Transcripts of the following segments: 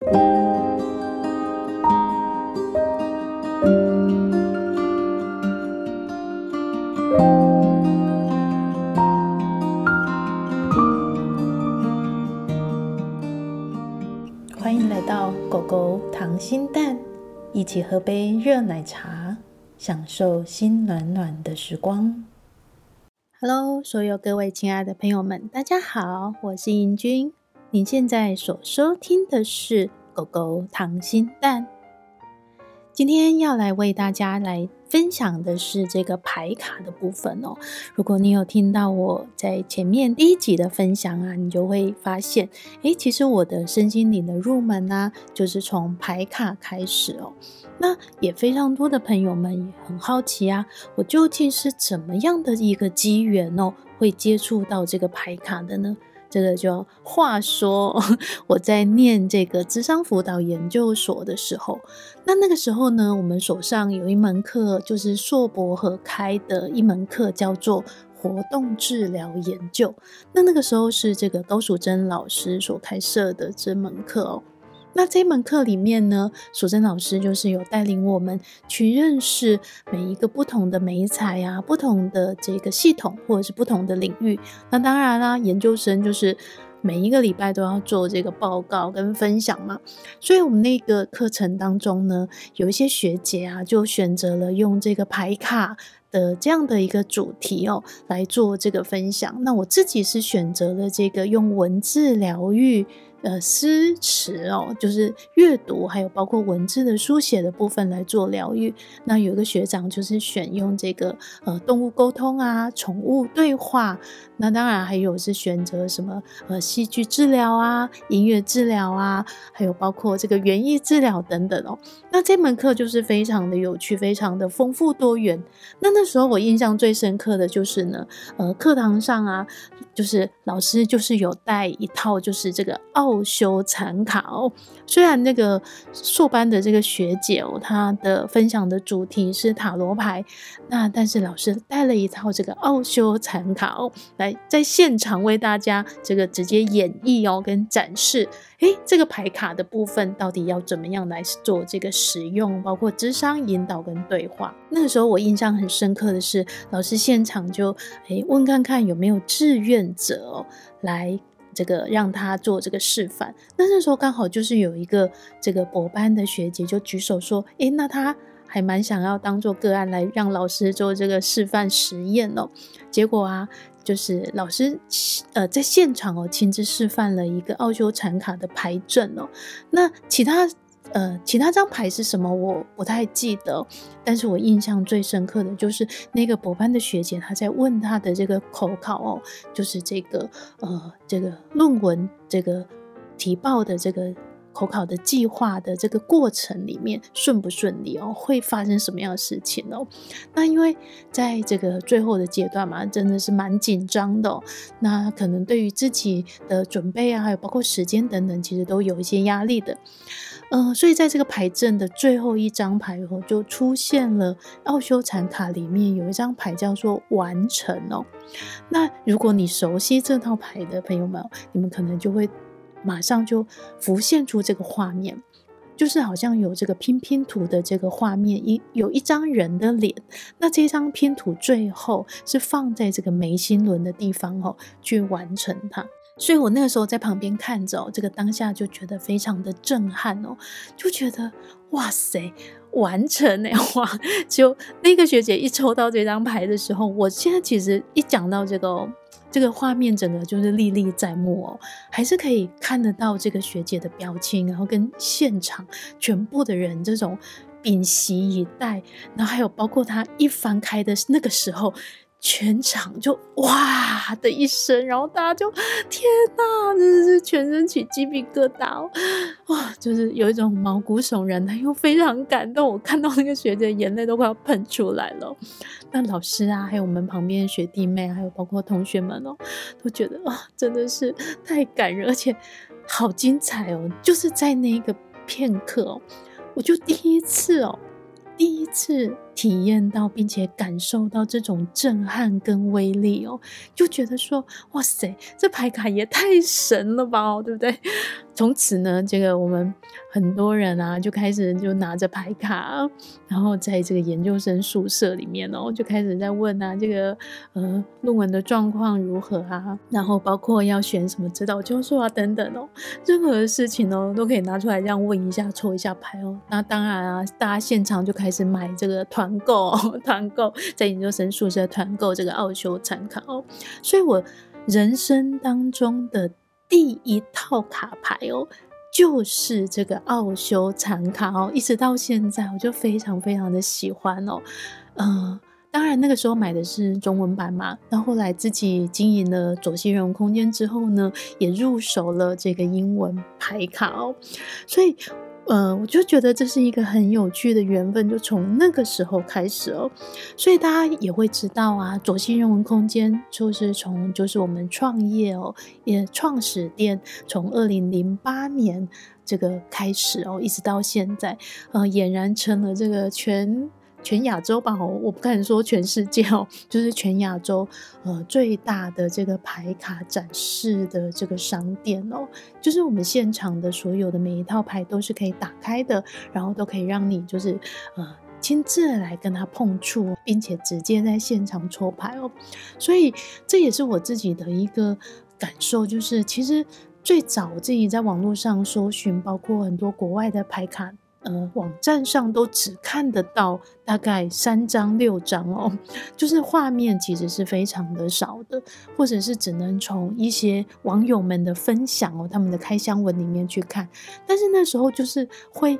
歡迎來到狗狗糖心蛋，一起喝杯熱奶茶，享受心暖暖的時光。Hello，所有各位親愛的朋友們，大家好，我是盈君。您現在所收聽的是狗狗糖心蛋，今天要來為大家來分享的是這個牌卡的部分哦。如果你有聽到我在前面第一集的分享啊，你就會發現，誒，其實我的身心靈的入門啊，就是從牌卡開始哦。那也非常多的朋友們也很好奇啊，我究竟是怎麼樣的一個機緣哦，會接觸到這個牌卡的呢？這個就話說，我在念這個諮商輔導研究所的時候，那那個時候呢，我們手上有一門課，就是碩博合開的一門課，叫做活動治療研究。那那個時候是這個高淑珍老師所開設的這門課哦、喔。那這門課裡面呢，素貞老師就是有帶領我們去認識每一個不同的媒材啊，不同的這個系統或者是不同的領域。那當然啦，研究生就是每一個禮拜都要做這個報告跟分享嘛。所以我們那個課程當中呢，有一些學姐啊，就選擇了用這個牌卡的這樣的一個主題哦來做這個分享。那我自己是選擇了這個用文字療癒。呃，詩詞哦，就是閱讀，還有包括文字的書寫的部分來做療癒。那有一個學長就是選用這個呃動物溝通啊，寵物對話。那當然還有是選擇什麼呃戲劇治療啊，音樂治療啊，還有包括這個園藝治療等等哦。那這門課就是非常的有趣，非常的豐富多元。那那時候我印象最深刻的就是呢，呃，課堂上啊。就是老師就是有帶一套就是這個奧修禪卡哦，雖然那個碩班的這個學姐哦，她的分享的主題是塔羅牌，那但是老師帶了一套這個奧修禪卡哦，來在現場為大家這個直接演繹哦，跟展示。哎、欸，這個牌卡的部分到底要怎麼樣來做這個使用？包括諮商引導跟對話。那時候我印象很深刻的是，老師現場就哎、欸、問看看有沒有志願者、喔、來這個讓他做這個示範。那那時候剛好就是有一個這個博班的學姐就舉手說，哎、欸，那他還蠻想要當做個案來讓老師做這個示範實驗哦、喔。結果啊。就是老師，呃，在現場哦，親自示範了一個奧修禪卡的牌陣哦。那其他，呃，其他張牌是什麼，我不太記得哦。但是我印象最深刻的就是那個博班的學姐，她在問她的這個口考哦，就是這個，呃，這個論文這個提報的這個。投考的計劃的這個過程裡面順不順利哦？會發生什麼樣的事情哦？那因為在這個最後的階段嘛，真的是蠻緊張的哦。那可能對於自己的準備啊，還有包括時間等等，其實都有一些壓力的。呃，所以在這個牌陣的最後一張牌以後哦，就出現了奧修禪卡裡面有一張牌叫做“完成”哦。那如果你熟悉這套牌的朋友們，你們可能就會。馬上就浮現出這個畫面，就是好像有這個拼拼圖的這個畫面，一有一張人的臉，那這張拼圖最後是放在這個眉心輪的地方哦，去完成它。所以我那個時候在旁邊看着、哦，這個當下就覺得非常的震撼哦，就覺得哇塞，完成呢，哇！就那個學姐一抽到這張牌的時候，我現在其實一講到這個、哦。這個畫面整個就是歷歷在目哦，還是可以看得到這個學姐的表情，然後跟現場全部的人這種屏息以待，然後還有包括他一翻開的那個時候。全場就哇的一聲，然後大家就天哪，真的是全身起雞皮疙瘩哦，哇，就是有一種毛骨悚然的，又非常感動。我看到那個學姐，眼淚都快要噴出來了。那老師啊，還有我們旁邊的學弟妹，還有包括同學們哦，都覺得哇，真的是太感人，而且好精彩哦。就是在那個片刻哦，我就第一次哦，第一次。體驗到並且感受到這種震撼跟威力哦，就覺得說哇塞，這牌卡也太神了吧哦，對不對？從此呢，這個我們很多人啊就開始就拿着牌卡，然後在這個研究生宿舍裡面哦，就開始在問啊這個呃論文的狀況如何啊，然後包括要選什麼指導教授啊等等哦，任何的事情哦都可以拿出來這樣問一下，抽一下牌哦。那當然啊，大家現場就開始買這個團。團購，團購，在研究生宿舍團購這個奧修禪卡。所以我人生當中的第一套卡牌哦、喔，就是這個奧修禪卡哦，一直到現在，我就非常非常的喜歡哦、喔呃，當然那個時候買的是中文版嘛，但後來自己經營了左西人文空間之後呢，也入手了這個英文牌卡哦、喔，所以。呃，我就覺得這是一個很有趣的緣分，就從那個時候開始哦，所以大家也會知道啊，左西人文空間就是從，就是我們創業哦，也創始店從二零零八年這個開始哦，一直到現在，呃，儼然成了這個全。全亞洲吧，我不敢說全世界哦，就是全亞洲，呃，最大的這個牌卡展示的這個商店哦，就是我們現場的所有的每一套牌都是可以打開的，然後都可以讓你就是呃親自來跟它碰觸，並且直接在現場抽牌哦，所以這也是我自己的一個感受，就是其實最早自己在網絡上搜尋，包括很多國外的牌卡。呃，網站上都只看得到大概三張六張哦，就是畫面其實是非常的少的，或者是只能從一些網友們的分享哦，他們的開箱文裡面去看，但是那時候就是會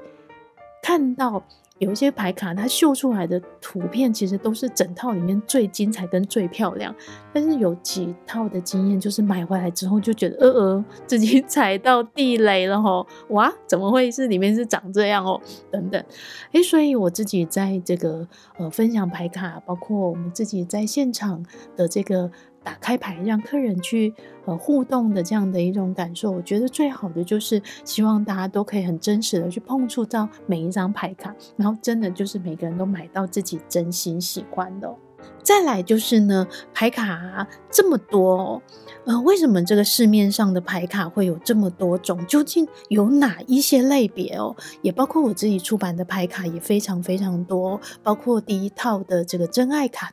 看到。有一些牌卡，它秀出來的圖片其實都是整套裡面最精彩跟最漂亮。但是有幾套的經驗，就是買回來之後就覺得，呃呃，自己踩到地雷了吼，哇，怎麼會是裡面是長這樣哦？等等，誒、欸，所以我自己在這個呃分享牌卡，包括我們自己在現場的這個。打開牌，讓客人去呃互動的這樣的一種感受，我覺得最好的就是希望大家都可以很真實的去碰觸到每一張牌卡，然後真的就是每個人都買到自己真心喜歡的喔。再來就是呢，牌卡啊，這麼多喔，呃，為什麼這個市面上的牌卡會有這麼多種？究竟有哪一些類別哦喔？也包括我自己出版的牌卡也非常非常多，包括第一套的這個真愛卡。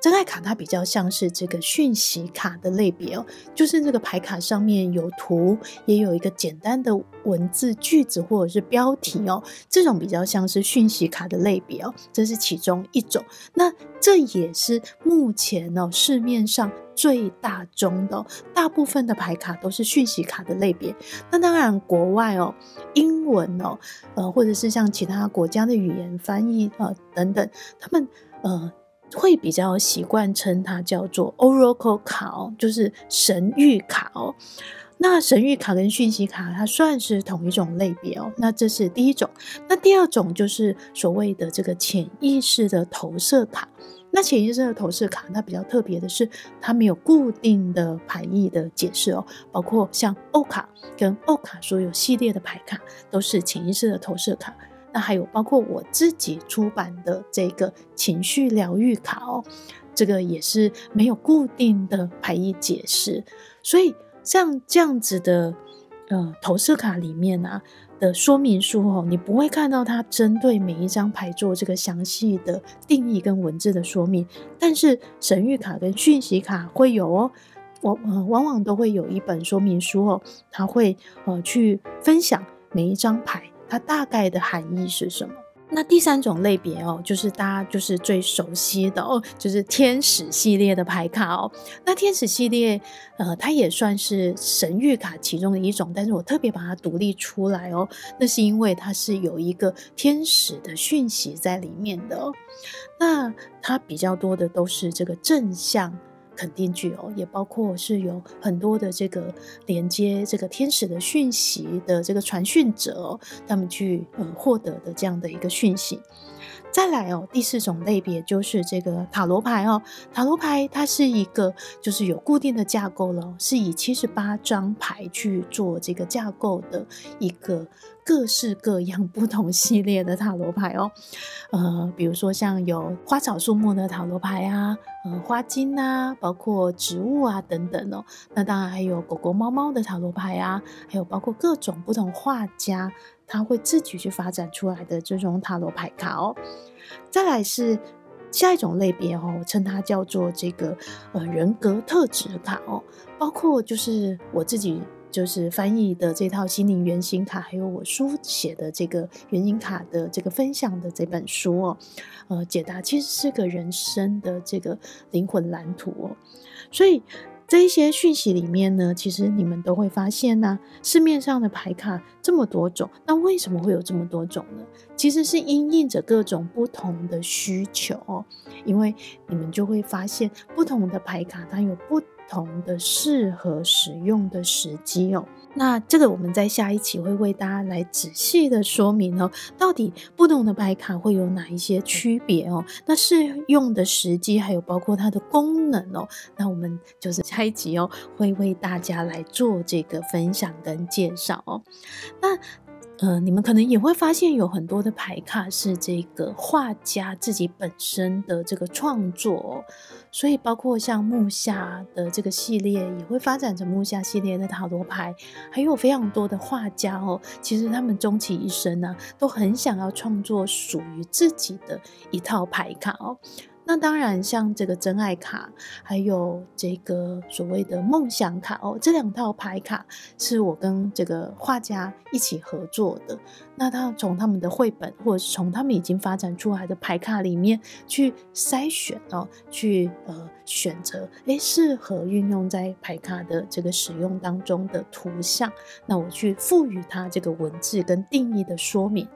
真愛卡它比較像是這個訊息卡的類別哦，就是這個牌卡上面有圖，也有一個簡單的文字句子或者是標題哦，這種比較像是訊息卡的類別哦，這是其中一種。那這也是目前哦市面上最大宗的、哦，大部分的牌卡都是訊息卡的類別。那當然，國外哦，英文哦，呃，或者是像其他國家的語言翻譯啊、呃、等等，他們呃。會比較習慣稱它叫做 Oracle 卡哦，就是神諭卡哦。那神諭卡跟訊息卡，它算是同一種類別哦。那這是第一種，那第二種就是所謂的這個潛意識的投射卡。那潛意識的投射卡，它比較特別的是，它沒有固定的牌意的解釋哦。包括像歐卡跟歐卡所有系列的牌卡，都是潛意識的投射卡。那還有包括我自己出版的這個情緒療癒卡哦，這個也是沒有固定的牌意解釋，所以像這樣子的，呃，投射卡裡面啊的說明書哦，你不會看到它針對每一張牌做這個詳細的定義跟文字的說明，但是神諭卡跟訊息卡會有哦，往往往往都會有一本說明書哦，它會呃去分享每一張牌，它大概的含義是什麼？那第三種類別哦，就是大家就是最熟悉的哦，就是天使系列的牌卡哦。那天使系列，呃，它也算是神諭卡其中的一種，但是我特別把它獨立出來哦。那是因為它是有一個天使的訊息在裡面的哦，那它比較多的都是這個正向。肯定句哦，也包括是有很多的這個連接這個天使的訊息的這個傳訊者哦，他們去呃獲得的這樣的一個訊息。再來哦，第四種類別就是這個塔羅牌哦，塔羅牌它是一個就是有固定的架構咯哦，是以七十八張牌去做這個架構的一個。各式各樣不同系列的塔羅牌哦、喔，呃，比如說像有花草樹木的塔羅牌啊，呃，花精啊，包括植物啊等等哦、喔。那當然還有狗狗貓貓的塔羅牌啊，還有包括各種不同畫家他會自己去發展出來的這種塔羅牌卡哦、喔。再來是下一種類別哦、喔，我稱它叫做這個呃人格特質卡哦、喔，包括就是我自己。就是翻譯的這套心靈原型卡，還有我書寫的這個原型卡的這個分享的這本書哦，呃，解答其實是個人生的這個靈魂藍圖哦。所以這一些訊息裡面呢，其實你們都會發現吶、啊，市面上的牌卡這麼多種，那為什麼會有這麼多種呢？其實是因應着各種不同的需求哦。因為你們就會發現，不同的牌卡它有不。不同的適合使用的時機哦、喔，那這個我們在下一期會為大家來仔細的說明哦、喔，到底不同的牌卡會有哪一些區別哦，那適用的時機還有包括它的功能哦、喔，那我們就是下一集哦、喔，會為大家來做這個分享跟介紹哦、喔，那。呃，你們可能也會發現，有很多的牌卡是這個畫家自己本身的這個創作、哦，所以包括像慕夏的這個系列，也會發展成慕夏系列的塔羅牌，還有非常多的畫家哦，其實他們終其一生呢、啊，都很想要創作屬於自己的一套牌卡哦。那當然，像這個真愛卡，還有這個所謂的夢想卡哦，這兩套牌卡是我跟這個畫家一起合作的。那他從他們的繪本，或者是從他們已經發展出來的牌卡裡面去篩選哦，去呃選擇誒，適合運用在牌卡的這個使用當中的圖像，那我去賦予它這個文字跟定義的說明。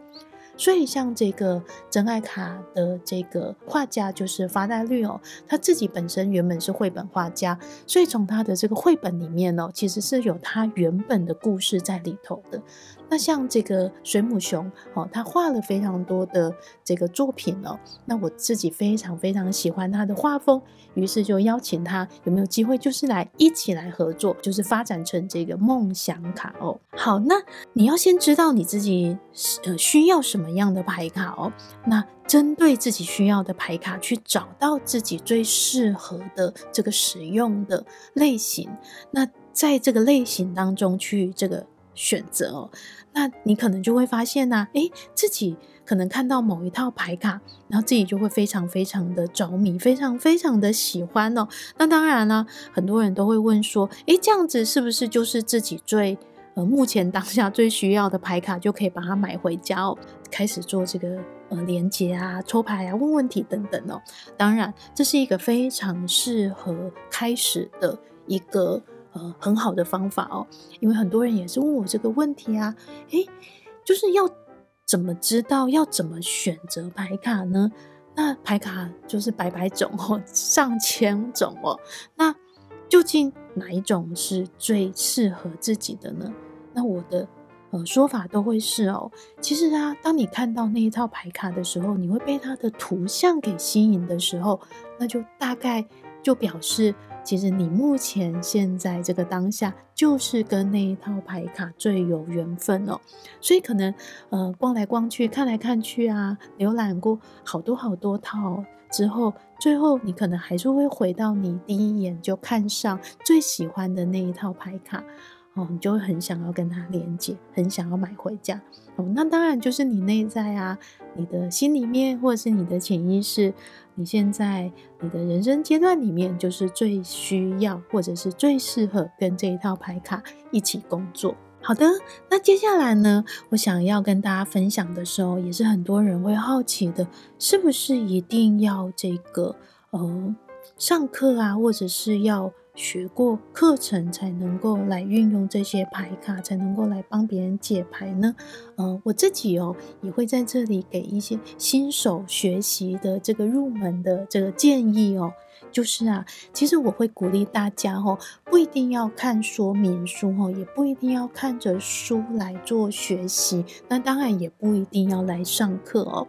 所以，像這個《真愛卡》的這個畫家就是發呆綠哦，他自己本身原本是繪本畫家，所以從他的這個繪本裡面哦，其實是有他原本的故事在裡頭的。那像這個水母熊哦，他畫了非常多的這個作品哦。那我自己非常非常喜歡他的畫風，於是就邀請他有沒有機會，就是來一起來合作，就是發展成這個夢想卡哦。好，那你要先知道你自己呃需要什麼樣的牌卡哦。那針對自己需要的牌卡，去找到自己最適合的這個使用的類型。那在這個類型當中去這個。選擇哦、喔，那你可能就會發現呢、啊，哎、欸，自己可能看到某一套牌卡，然後自己就會非常非常的着迷，非常非常的喜歡哦、喔。那當然啦、啊，很多人都會問說，哎、欸，這樣子是不是就是自己最呃目前當下最需要的牌卡，就可以把它買回家哦、喔，開始做這個呃連結啊、抽牌啊、問問題等等哦、喔。當然，這是一個非常適合開始的一個。呃，很好的方法哦，因為很多人也是問我這個問題啊，誒，就是要怎麼知道要怎麼選擇牌卡呢？那牌卡就是百百種哦，上千種哦，那究竟哪一種是最適合自己的呢？那我的呃說法都會是哦，其實啊，當你看到那一套牌卡的時候，你會被它的圖像給吸引的時候，那就大概就表示。其實你目前現在這個當下，就是跟那一套牌卡最有緣分哦。所以可能，呃，逛來逛去看來看去啊，瀏覽過好多好多套之後，最後你可能還是會回到你第一眼就看上、最喜歡的那一套牌卡。哦、嗯，你就會很想要跟它連接，很想要買回家。哦、嗯，那當然就是你內在啊，你的心裡面，或者是你的潛意識，你現在你的人生階段裡面，就是最需要或者是最適合跟這一套牌卡一起工作。好的，那接下來呢，我想要跟大家分享的時候，也是很多人會好奇的，是不是一定要這個呃、嗯、上課啊，或者是要學過課程才能夠來運用這些牌卡，才能夠來幫別人解牌呢？呃、嗯，我自己哦也會在這裡給一些新手學習的這個入門的這個建議哦。就是啊，其實我會鼓勵大家哦，不一定要看說明書哦，也不一定要看着書來做學習。那當然也不一定要來上課哦。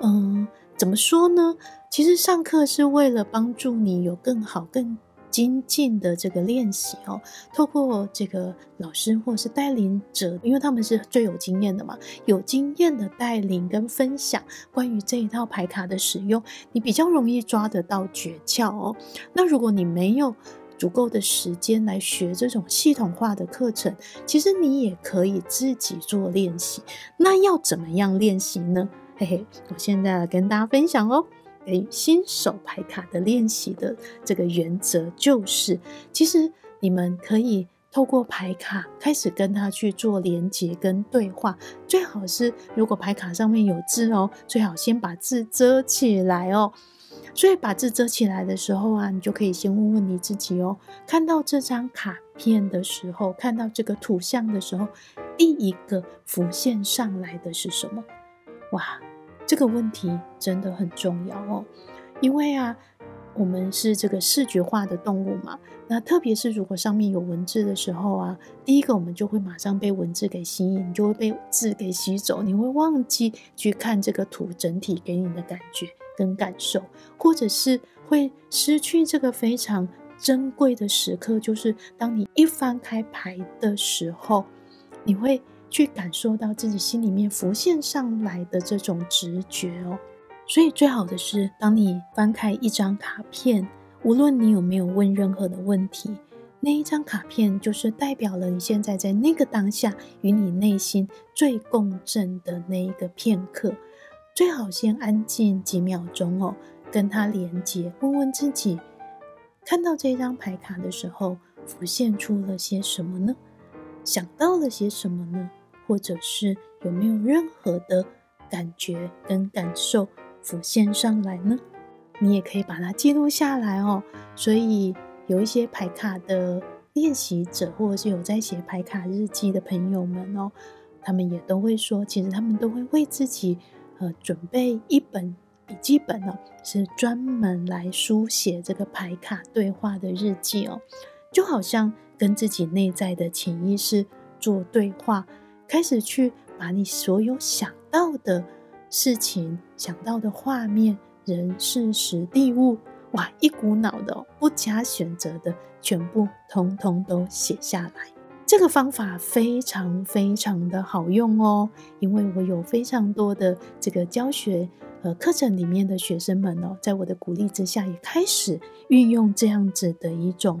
嗯，怎麼說呢？其實上課是為了幫助你有更好更。精進的這個練習哦，透過這個老師或者是帶領者，因為他們是最有經驗的嘛，有經驗的帶領跟分享關於這一套牌卡的使用，你比較容易抓得到訣竅哦。那如果你沒有足夠的時間來學這種系統化的課程，其實你也可以自己做練習。那要怎麼樣練習呢？嘿嘿，我現在來跟大家分享哦。新手牌卡的練習的這個原則就是，其實你們可以透過牌卡開始跟他去做連接跟對話。最好是如果牌卡上面有字哦，最好先把字遮起來哦。所以把字遮起來的時候啊，你就可以先問問你自己哦：看到這張卡片的時候，看到這個圖像的時候，第一個浮現上來的是什麼？哇！這個問題真的很重要哦，因為啊，我們是這個視覺化的動物嘛。那特別是如果上面有文字的時候啊，第一個我們就會馬上被文字給吸引，你就會被字給吸走，你會忘記去看這個圖整體給你的感覺跟感受，或者是會失去這個非常珍貴的時刻，就是當你一翻開牌的時候，你會。去感受到自己心裡面浮現上來的這種直覺哦，所以最好的是，當你翻開一張卡片，無論你有沒有問任何的問題，那一張卡片就是代表了你現在在那個當下與你內心最共振的那一個片刻。最好先安靜幾秒鐘哦，跟它連接，問問自己，看到這張牌卡的時候，浮現出了些什麼呢？想到了些什麼呢？或者是有沒有任何的感覺跟感受浮現上來呢？你也可以把它記錄下來哦。所以有一些牌卡的練習者，或者是有在寫牌卡日記的朋友們哦，他們也都會說，其實他們都會為自己呃準備一本筆記本哦，是專門來書寫這個牌卡對話的日記哦，就好像跟自己內在的潛意識做對話。開始去把你所有想到的事情、想到的畫面、人、事、時、地、物，哇，一股腦的、不加選擇的，全部通通都寫下來。這個方法非常非常的好用哦，因為我有非常多的這個教學呃課程裡面的學生們哦，在我的鼓勵之下，也開始運用這樣子的一種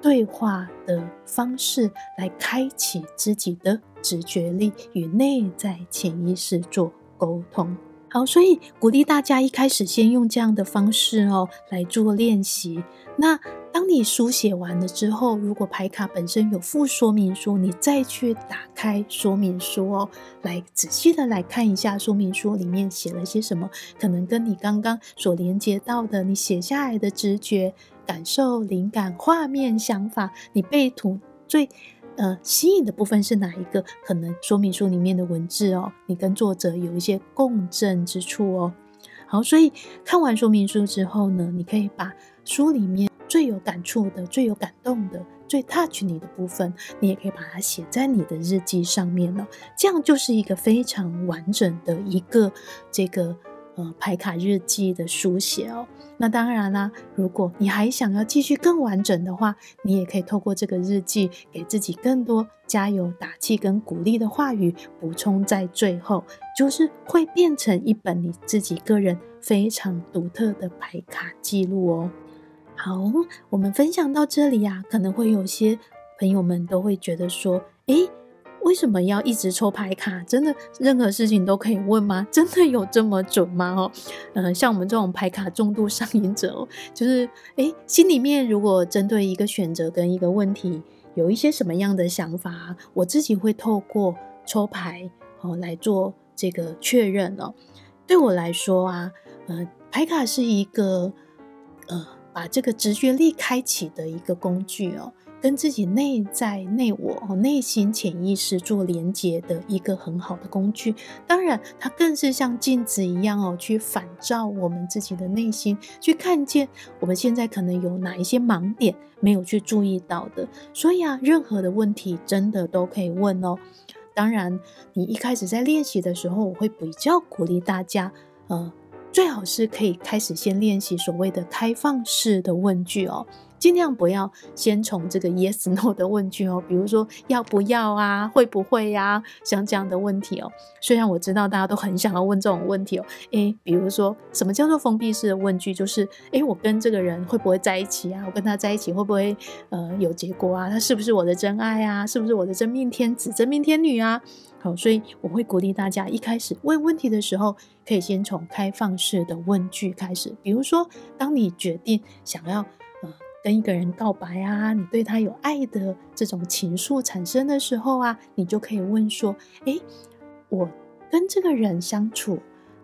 對話的方式來開啟自己的。直覺力與內在潛意識做溝通，好，所以鼓勵大家一開始先用這樣的方式哦來做練習。那當你書寫完了之後，如果牌卡本身有附說明書，你再去打開說明書哦，來仔細的來看一下說明書裡面寫了些什麼，可能跟你剛剛所連接到的你寫下來的直覺、感受、靈感、畫面、想法，你被圖最。呃，吸引的部分是哪一個？可能說明書裡面的文字哦，你跟作者有一些共振之處哦。好，所以看完說明書之後呢，你可以把書裡面最有感觸的、最有感動的、最 touch 你的部分，你也可以把它寫在你的日記上面了哦。這樣就是一個非常完整的一個這個。呃，牌卡日記的書寫哦，那當然啦、啊。如果你還想要繼續更完整的話，你也可以透過這個日記，給自己更多加油、打氣跟鼓勵的話語補充在最後，就是會變成一本你自己個人非常獨特的牌卡記錄哦。好，我們分享到這裡啊，可能會有些朋友們都會覺得說，誒……為什麼要一直抽牌卡？真的任何事情都可以問嗎？真的有這麼準嗎？哦，嗯，像我們這種牌卡重度上癮者哦，就是，誒，心裡面如果針對一個選擇跟一個問題，有一些什麼樣的想法，我自己會透過抽牌哦，呃，來做這個確認哦。對我來說啊，呃，牌卡是一個呃把這個直覺力開啟的一個工具哦。跟自己內在內我，內心潛意識做連接的一個很好的工具，當然它更是像鏡子一樣哦，去反照我們自己的內心，去看見我們現在可能有哪一些盲點沒有去注意到的。所以啊，任何的問題真的都可以問哦。當然，你一開始在練習的時候，我會比較鼓勵大家，呃，最好是可以開始先練習所謂的開放式的問句哦。盡量不要先從這個 yes no 的問句喔，比如說要不要啊，會不會啊，像這樣的問題喔。雖然我知道大家都很想要問這種問題喔，欸，比如說什麼叫做封閉式的問句？就是欸，我跟這個人會不會在一起啊？我跟他在一起會不會呃有結果啊？他是不是我的真愛啊？是不是我的真命天子、真命天女啊？好，所以我會鼓勵大家一開始問問題的時候，可以先從開放式的問句開始，比如說當你決定想要。跟一個人告白啊，你對他有愛的這種情愫產生的時候啊，你就可以問說：誒，我跟這個人相處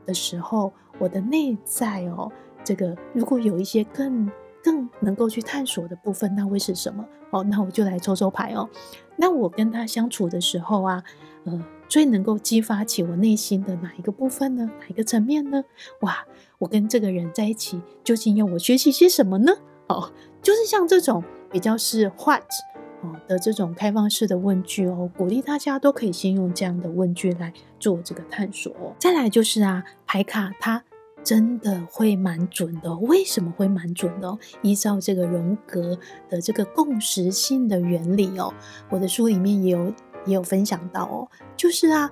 的時候，我的內在哦，這個如果有一些更更能夠去探索的部分，那會是什麼？好，那我就來抽抽牌哦。那我跟他相處的時候啊，呃，最能夠激發起我內心的哪一個部分呢？哪一個層面呢？哇，我跟這個人在一起，究竟要我學習些什麼呢？哦、就是像這種比較是 what 哦的這種開放式的問句哦，鼓勵大家都可以先用這樣的問句來做這個探索，哦。再來就是啊，牌卡它真的會蠻準的，哦，為什麼會蠻準呢，哦？依照這個榮格的這個共時性的原理哦，我的書裡面也有也有分享到哦，就是啊。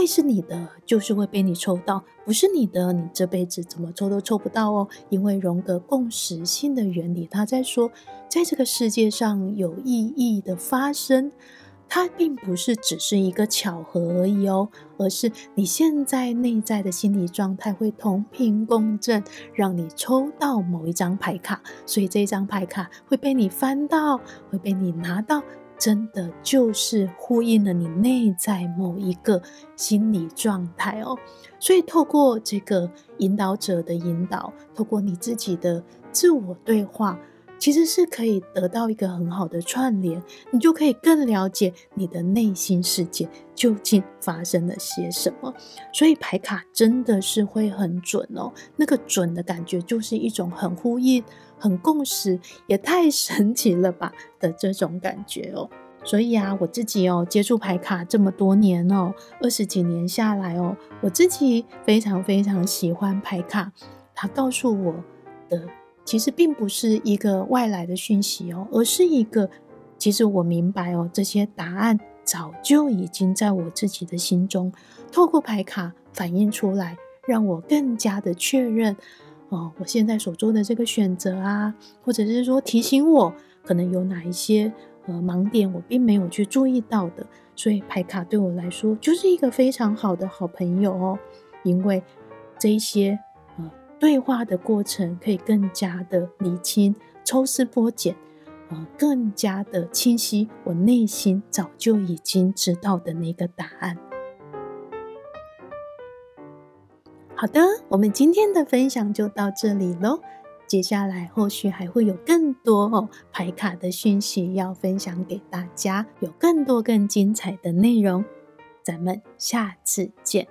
會是你的，就是會被你抽到；不是你的，你這輩子怎麼抽都抽不到哦。因為榮格共時性的原理，他在說，在這個世界上有意義的發生，它並不是只是一個巧合而已哦，而是你現在內在的心理狀態會同頻共振，讓你抽到某一張牌卡，所以這張牌卡會被你翻到，會被你拿到。真的就是呼應了你內在某一個心理狀態哦，所以透過這個引導者的引導，透過你自己的自我對話，其實是可以得到一個很好的串聯，你就可以更了解你的內心世界究竟發生了些什麼。所以牌卡真的是會很準哦，那個準的感覺就是一種很呼應、很共識，也太神奇了吧的這種感覺哦。所以啊，我自己哦，接觸牌卡這麼多年哦，二十幾年下來哦，我自己非常非常喜歡牌卡，它告訴我的。其實並不是一個外來的訊息哦，而是一個，其實我明白哦，這些答案早就已經在我自己的心中，透過牌卡反映出來，讓我更加的確認哦，我現在所做的這個選擇啊，或者是說提醒我，可能有哪一些呃盲點我並沒有去注意到的，所以牌卡對我來說就是一個非常好的好朋友哦，因為這一些。對話的過程可以更加的理清、抽絲剝繭，更加的清晰，我內心早就已經知道的那個答案。好的，我們今天的分享就到這裡嘍。接下來後續還會有更多哦，牌卡的訊息要分享給大家，有更多更精彩的內容，咱們下次見。